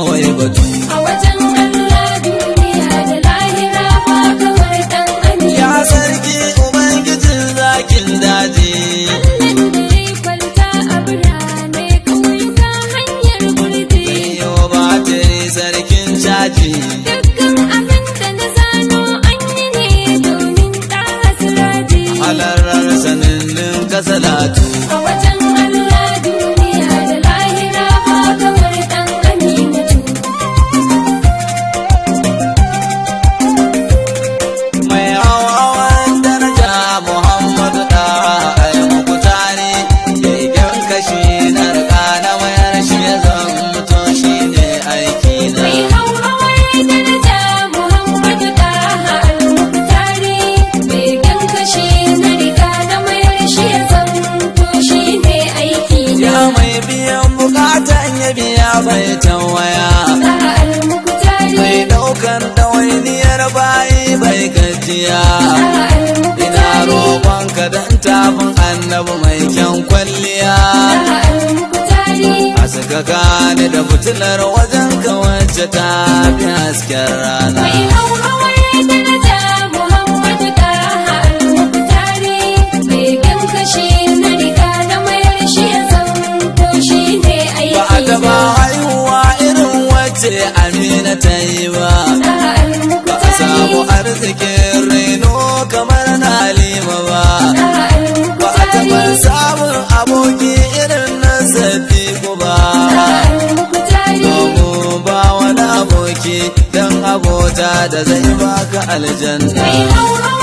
我有个。bai tawaya mai daukan dawainiyar bayi bai gajiya ina roƙon ka dan tafin annabi mai kyan kwalliya a saka gane da fitilar wajen ka wacce ta fi hasken rana Bye. ce amina ta yi ba ba a samu arzikin reno kamar na halima ba ba a taɓa samun aboki irin na zafi ba domin ba wani aboki don abota da zai baka aljanna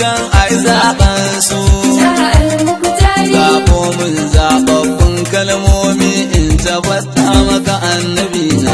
kan ai zaɓen su zaɓo mun zaɓaɓɓun kalmomi in tabbata maka annabi na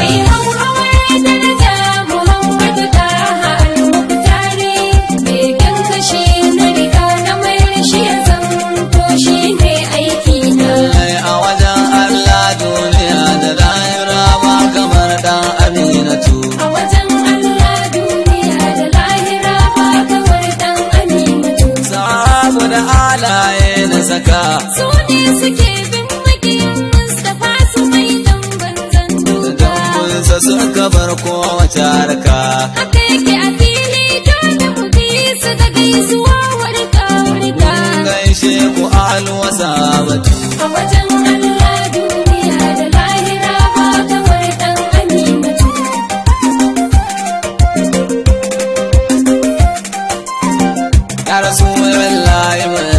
Su ne suke bin makiyin Mustapha su mai dan banzan duba. Dan sa suka bar kowace harka. Haka yake a fili dole mu bi su da gaisuwa warka warka. Gaishe ku alu wasa A wajen Allah duniya da lahira ba kamar dan aminatu. Ya rasu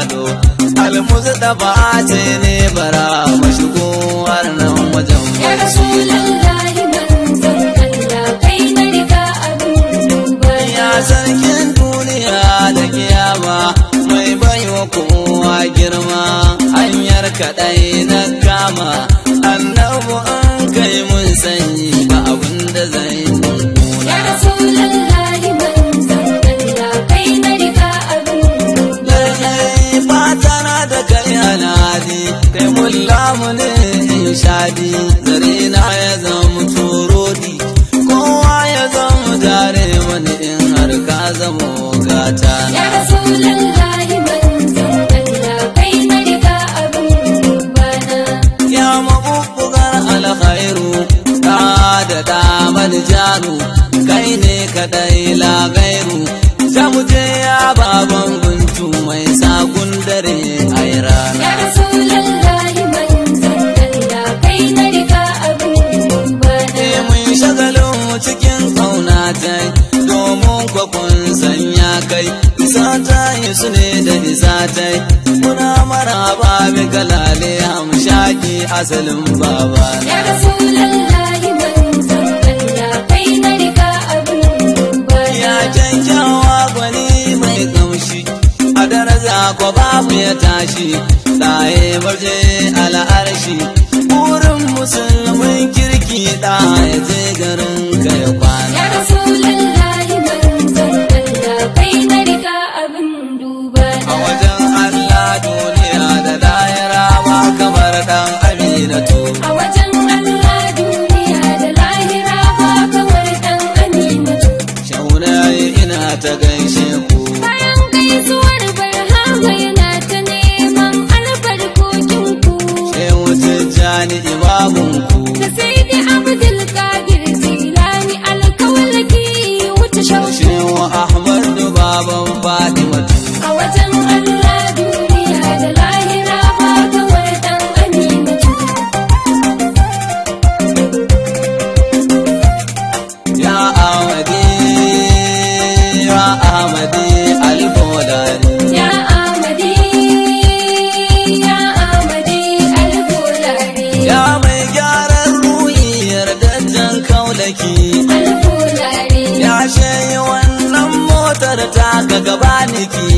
gado da ba ce ne bara ba shigo nan wajen ya kai na sarkin duniya da kiyama mai bayo kowa girma hanyar kaɗai na kama annabu an kai mun sanyi ba abin da zai yi namu ne shadi zare na ya zama turodi kowa ya zama jare mani in har ka zama gata su ne da nisatai muna maraba mai galale hamshaki asalin baba ya rasulallahi manzon Allah kai na riga abin mai ƙamshi, a daraja ko babu ya tashi tsaye barje al'arshi burin musulmin kirki da ya garin aminatu a wajen Allah duniya da lahira ba kamar dan aminatu shauna ina ta gani ga gaba niki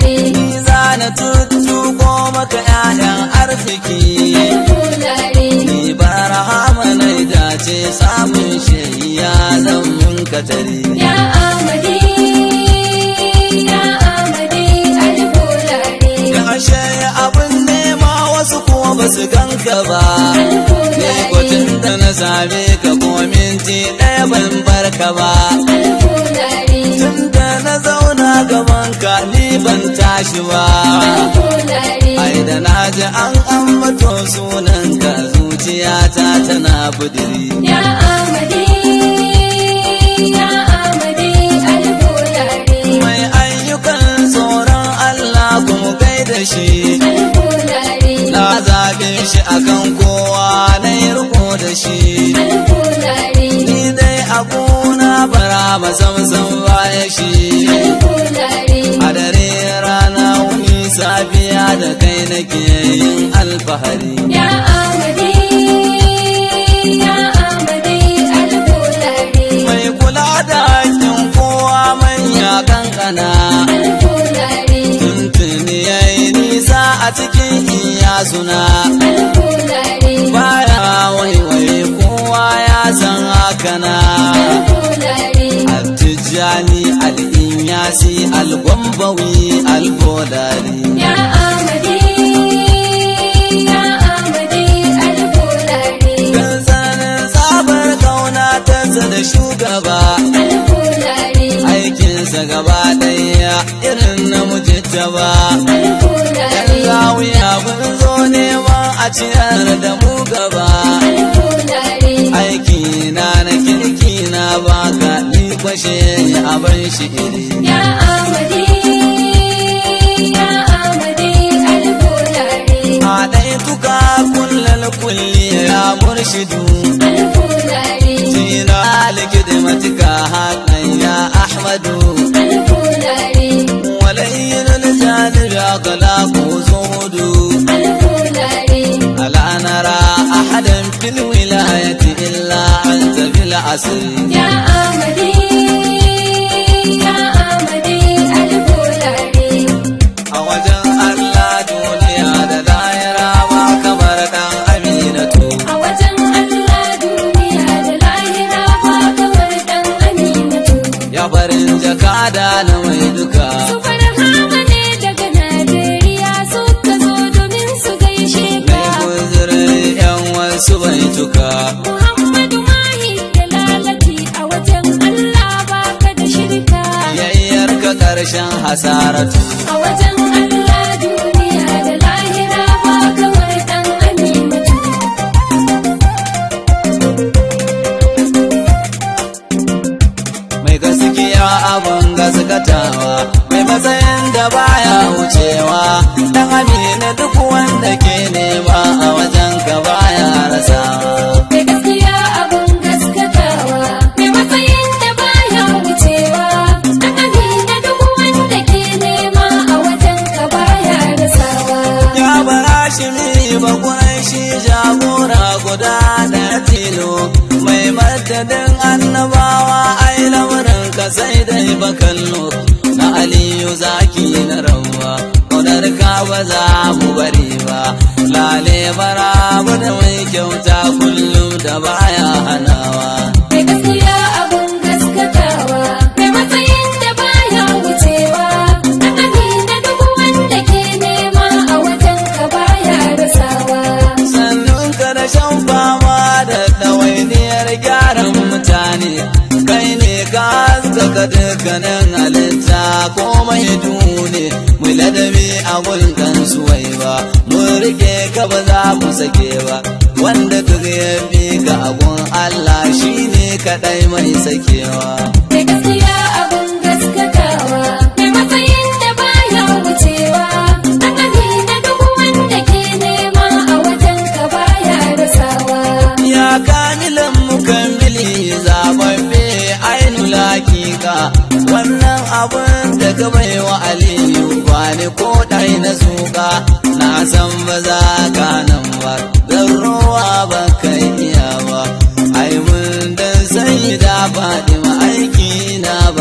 ni za na tuttuko maka 'ya'yan arziki ni bara hamana ce samun shi ya zan mun katari ya amadi amadi ya ashe nema wasu kuma basu ganka ba ne kwacin da na same ka komin ti ɗaya ban barka ba ban tashi ba ai da na ji an ambato sunan ka zuciyata tana budiri ya amadi ya amadi alhulari mai ayyukan tsoron Allah ko kai da shi na zaɓe shi akan kowa na yi riko da shi ni dai abuna bara masam sam baya shi lafiya da kai nake yin alfahari ya amadi ya amadi alfulari mai kula da hakkin kowa manya kankana alfulari tuntuni yayi nisa a cikin iyasuna baya waiwaye kowa ya san hakana gani al'inyasi al-gwambawi al-kodari amadi amadi al tansa da shugaba al aikinsa gaba ɗaya irin na ba al-kodari yawo ya bin zo neman a ciyar da mu gaba aiki na na kirki na baka fashe a bar shi ya amadi ya amadi alfulare a ɗaya tuka kullal kulli ya murshidu alfulare tina da matuka hakan ya ahmadu ya kala ko zuhudu Ya illa anta bil ya ƙarshen hasarar. A wajen Abdullahi na Aliyu zaki na rawa Kaunar ka ba za mu bari ba Lale bara da mai kyauta kullum da baya hanawa ga dukkanin halitta komai dune mu ladabi a gulkan suwai ba mu rike ka ba za mu sake ba wanda ka ga yafi ga agun Allah shine kadai mai sakewa abin da ka bai wa aliyu ba ko ɗai na suka na san ba za ka nan ba zan ruwa ba kai iya ba ai mun dan sai da faɗi ma aiki na ba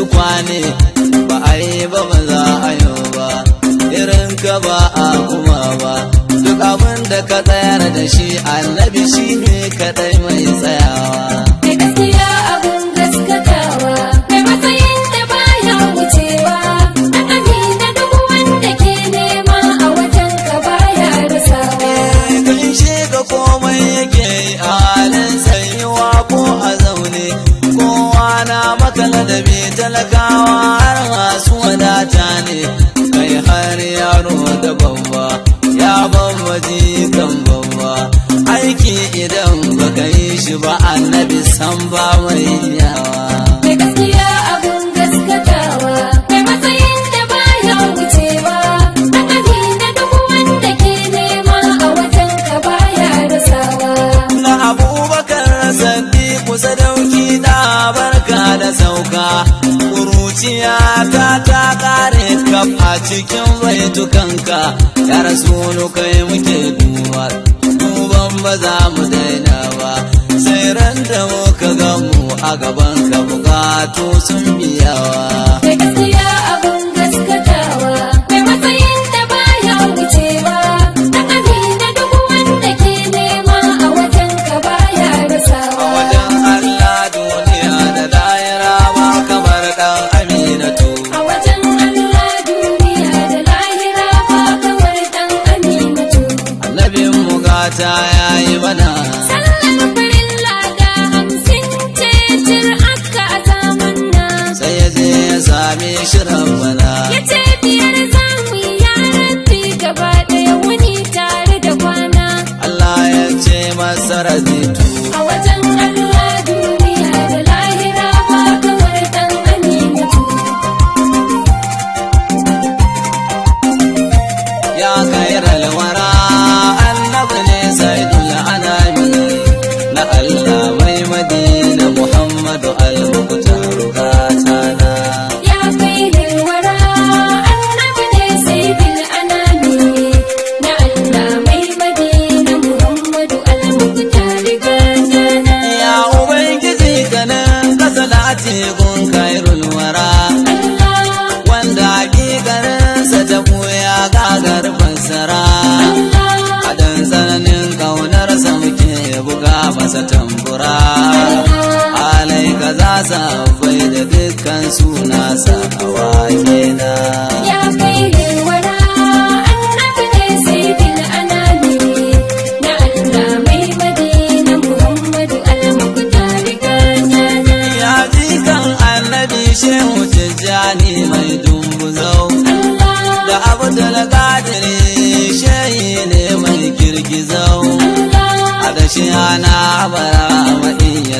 tukwane ba a yi ba ba za a yi ba irin ka ba a kuma ba duk abin da ka tsayar da shi annabi shi ne kaɗai mai bisan ba mai yawa mai gaskiya abun gaskatawa mai matsayin da baya wucewa akami na duk wanda ke nema a wajen ka baya rasawa na abubakar kusa sadauki da barka da sauka kuruciya ta ta kare kaf a cikin baitukanka ya rasu kai muke duba duban ba za mu daina ba sai ran da muka ga mu a gaban ka bukatu sun biyawa kai a abun gaskatawa kai matsayin da baya wucewa takami na duk wanda ke nema a wajen ka baya rasawa a wajen Allah duniya da lahira ba kamar dan aminatu a wajen Allah duniya da lahira ba kamar dan aminatu annabin mu gata yayi mana same shirin bala ya ce biyar za mu yi ya rabbi gaba ɗaya wani tare da kwana Allah ya ce masa razitu a wajen Allah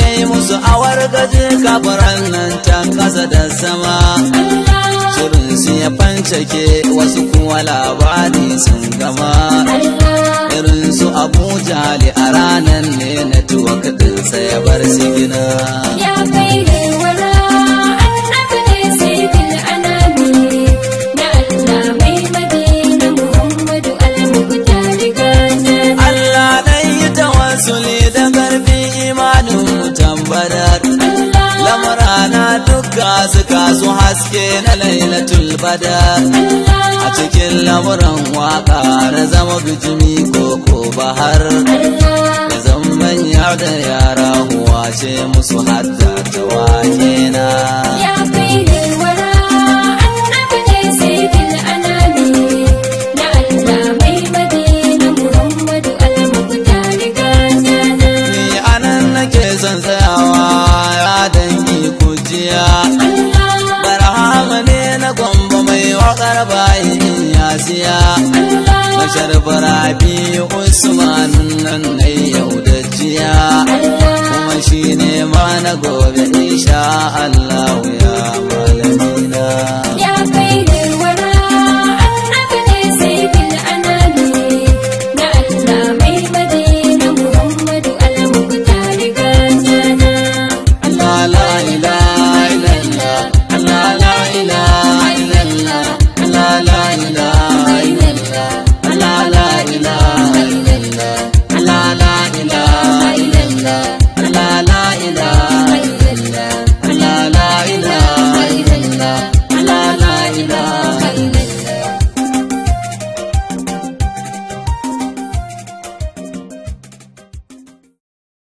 yayi musu awar gaji kafaran nan ta kasa da sama shirin su ya fancake wasu kuwa labari sun gama irin su abuja a ranar ne na tuwa kadinsa ya bar sigina ya kai ne haska suka su haske na lailatul badar a cikin lamuran waka na zama bijimi koko bahar da zaman manya da yara huwa ce musu hadda ta wake na bashar barabi usman nan na yau da jiya kuma shi ne ma na gobe insha Allah ya malamina ya kai